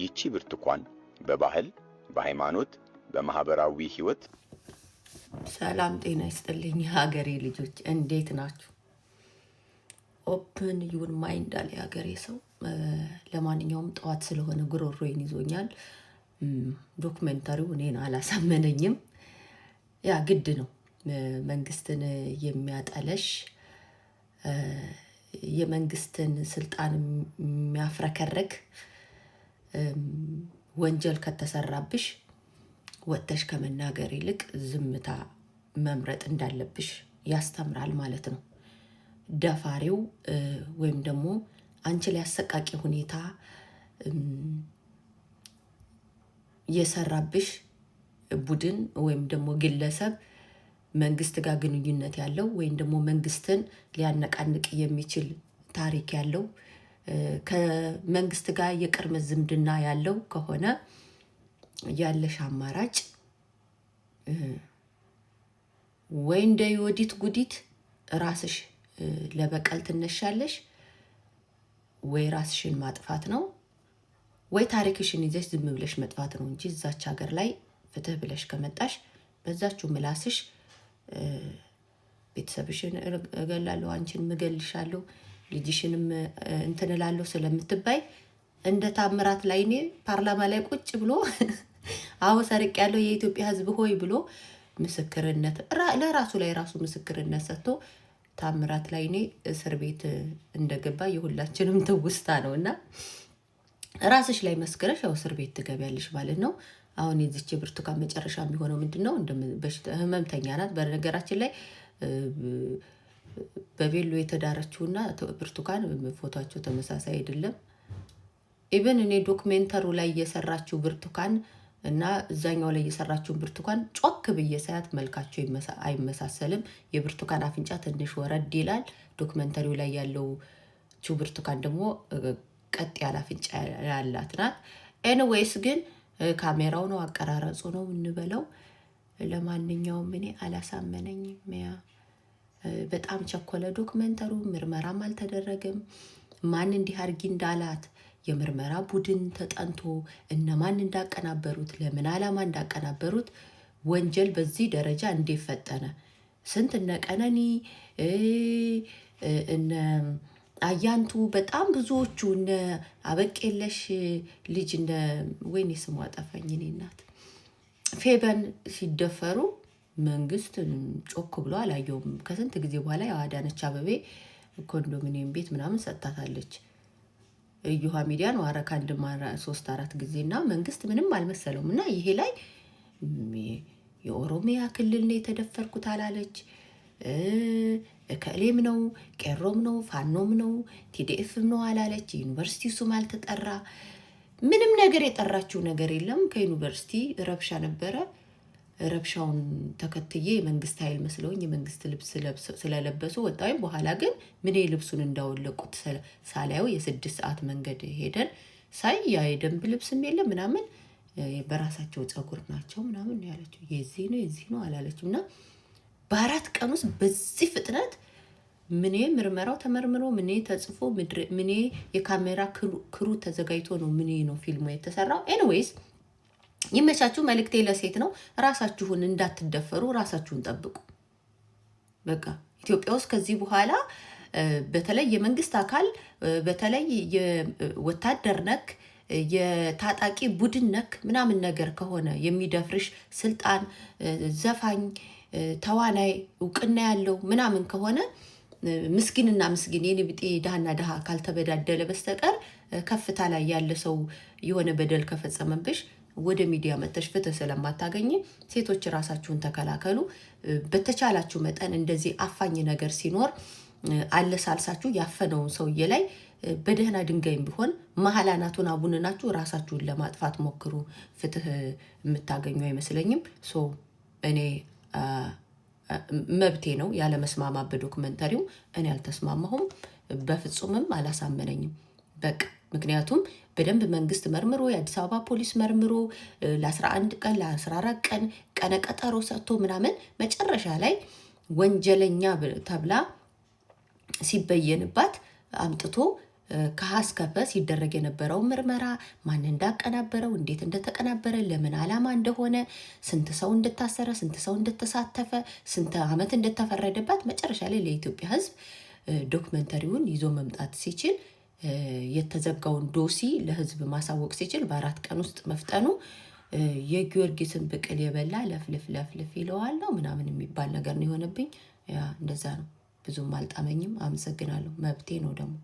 ይቺ ብርቱካን በባህል፣ በሃይማኖት፣ በማህበራዊ ህይወት ሰላም ጤና ይስጥልኝ የሀገሬ ልጆች እንዴት ናችሁ? ኦፕን ዩን ማይንድ አለ የሀገሬ ሰው። ለማንኛውም ጠዋት ስለሆነ ጉሮሮዬን ይዞኛል። ዶክመንታሪው እኔን አላሳመነኝም። ያ ግድ ነው መንግስትን የሚያጠለሽ የመንግስትን ስልጣን የሚያፍረከረግ ወንጀል ከተሰራብሽ ወጥተሽ ከመናገር ይልቅ ዝምታ መምረጥ እንዳለብሽ ያስተምራል ማለት ነው። ደፋሪው ወይም ደግሞ አንቺ ላይ አሰቃቂ ሁኔታ የሰራብሽ ቡድን ወይም ደግሞ ግለሰብ መንግስት ጋር ግንኙነት ያለው ወይም ደግሞ መንግስትን ሊያነቃንቅ የሚችል ታሪክ ያለው ከመንግስት ጋር የቅርብ ዝምድና ያለው ከሆነ ያለሽ አማራጭ ወይ እንደ ዮዲት ጉዲት ራስሽ ለበቀል ትነሻለሽ፣ ወይ ራስሽን ማጥፋት ነው፣ ወይ ታሪክሽን ይዘሽ ዝም ብለሽ መጥፋት ነው እንጂ እዛች ሀገር ላይ ፍትህ ብለሽ ከመጣሽ በዛችሁ ምላስሽ ቤተሰብሽን እገላለሁ፣ አንቺን ምገልሻለሁ ልጅሽንም እንትንላለሁ ስለምትባይ እንደ ታምራት ላይ እኔ ፓርላማ ላይ ቁጭ ብሎ አዎ ሰርቅ ያለው የኢትዮጵያ ሕዝብ ሆይ ብሎ ምስክርነት ለራሱ ላይ ራሱ ምስክርነት ሰጥቶ ታምራት ላይ እኔ እስር ቤት እንደገባ የሁላችንም ትውስታ ነው እና ራስሽ ላይ መስክረሽ ያው እስር ቤት ትገቢያለሽ ማለት ነው። አሁን የዚች ብርቱካን መጨረሻ የሚሆነው ምንድን ነው? ህመምተኛ ናት በነገራችን ላይ በቬሎ የተዳረችውና ብርቱካን ፎቷቸው ተመሳሳይ አይደለም። ኢቨን እኔ ዶክሜንተሩ ላይ የሰራችው ብርቱካን እና እዛኛው ላይ የሰራችውን ብርቱካን ጮክ ብዬ ሳያት መልካቸው አይመሳሰልም። የብርቱካን አፍንጫ ትንሽ ወረድ ይላል። ዶክመንተሪው ላይ ያለው ብርቱካን ደግሞ ቀጥ ያለ አፍንጫ ያላት ናት። ኤንዌይስ ግን ካሜራው ነው አቀራረጹ ነው እንበለው። ለማንኛውም እኔ አላሳመነኝም ያ በጣም ቸኮለ። ዶክመንተሩ ምርመራም አልተደረገም። ማን እንዲህ አርጊ እንዳላት የምርመራ ቡድን ተጠንቶ እነማን እንዳቀናበሩት፣ ለምን ዓላማ እንዳቀናበሩት ወንጀል በዚህ ደረጃ እንዴት ፈጠነ? ስንት እነ ቀነኒ እነ አያንቱ በጣም ብዙዎቹ እነ አበቄለሽ ልጅ እነ ወይኔ ስሟ ጠፋኝ፣ እኔ እናት ፌበን ሲደፈሩ መንግስት ጮክ ብሎ አላየውም። ከስንት ጊዜ በኋላ ያው አዳነች አበቤ ኮንዶሚኒየም ቤት ምናምን ሰጥታታለች። እዩሃ ሚዲያን ዋረ ከአንድ ሶስት አራት ጊዜ እና መንግስት ምንም አልመሰለውም። እና ይሄ ላይ የኦሮሚያ ክልል ነው የተደፈርኩት አላለች። እከሌም ነው ቄሮም ነው ፋኖም ነው ቲዲኤፍም ነው አላለች። ዩኒቨርሲቲ ሱም አልተጠራ ምንም ነገር የጠራችው ነገር የለም። ከዩኒቨርሲቲ ረብሻ ነበረ። ረብሻውን ተከትዬ የመንግስት ኃይል መስለውኝ የመንግስት ልብስ ስለለበሱ ወጣሁኝ። በኋላ ግን ምኔ ልብሱን እንዳወለቁት ሳላየው የስድስት ሰዓት መንገድ ሄደን ሳይ ያ የደንብ ልብስም የለም ምናምን በራሳቸው ፀጉር ናቸው ምናምን ያለችው የዚህ ነው የዚህ ነው አላለችም። እና በአራት ቀን ውስጥ በዚህ ፍጥነት ምኔ ምርመራው ተመርምሮ ምኔ ተጽፎ ምኔ የካሜራ ክሩ ተዘጋጅቶ ነው ምኔ ነው ፊልሙ የተሰራው ኤኒዌይስ ይመቻችሁ። መልእክቴ ለሴት ነው። ራሳችሁን እንዳትደፈሩ፣ ራሳችሁን ጠብቁ። በቃ ኢትዮጵያ ውስጥ ከዚህ በኋላ በተለይ የመንግስት አካል በተለይ የወታደር ነክ የታጣቂ ቡድን ነክ ምናምን ነገር ከሆነ የሚደፍርሽ ስልጣን፣ ዘፋኝ፣ ተዋናይ፣ እውቅና ያለው ምናምን ከሆነ ምስኪንና ምስኪን የኔ ብጤ ድሃና ድሃ ካልተበዳደለ በስተቀር ከፍታ ላይ ያለ ሰው የሆነ በደል ከፈጸመብሽ ወደ ሚዲያ መተሽ ፍትህ ስለማታገኝ ሴቶች ራሳችሁን ተከላከሉ። በተቻላችሁ መጠን እንደዚህ አፋኝ ነገር ሲኖር አለሳልሳችሁ ያፈነውን ሰውዬ ላይ በደህና ድንጋይም ቢሆን መሀል አናቱን አቡንናችሁ ራሳችሁን ለማጥፋት ሞክሩ። ፍትህ የምታገኙ አይመስለኝም። ሶ እኔ መብቴ ነው ያለ መስማማ በዶክመንተሪው እኔ አልተስማማሁም፣ በፍጹምም አላሳመነኝም። በቃ ምክንያቱም በደንብ መንግስት መርምሮ የአዲስ አበባ ፖሊስ መርምሮ ለ11 ቀን ለ14 ቀን ቀነቀጠሮ ሰጥቶ ምናምን መጨረሻ ላይ ወንጀለኛ ተብላ ሲበየንባት አምጥቶ ከሀስከፈ ሲደረግ የነበረው ምርመራ ማን እንዳቀናበረው፣ እንዴት እንደተቀናበረ፣ ለምን ዓላማ እንደሆነ፣ ስንት ሰው እንደታሰረ፣ ስንት ሰው እንደተሳተፈ፣ ስንት ዓመት እንደተፈረደባት መጨረሻ ላይ ለኢትዮጵያ ሕዝብ ዶክመንተሪውን ይዞ መምጣት ሲችል የተዘጋውን ዶሲ ለሕዝብ ማሳወቅ ሲችል በአራት ቀን ውስጥ መፍጠኑ የጊዮርጊስን ብቅል የበላ ለፍልፍ ለፍልፍ ይለዋለው ምናምን የሚባል ነገር ነው የሆነብኝ። ያ እንደዛ ነው። ብዙም አልጣመኝም። አመሰግናለሁ። መብቴ ነው ደግሞ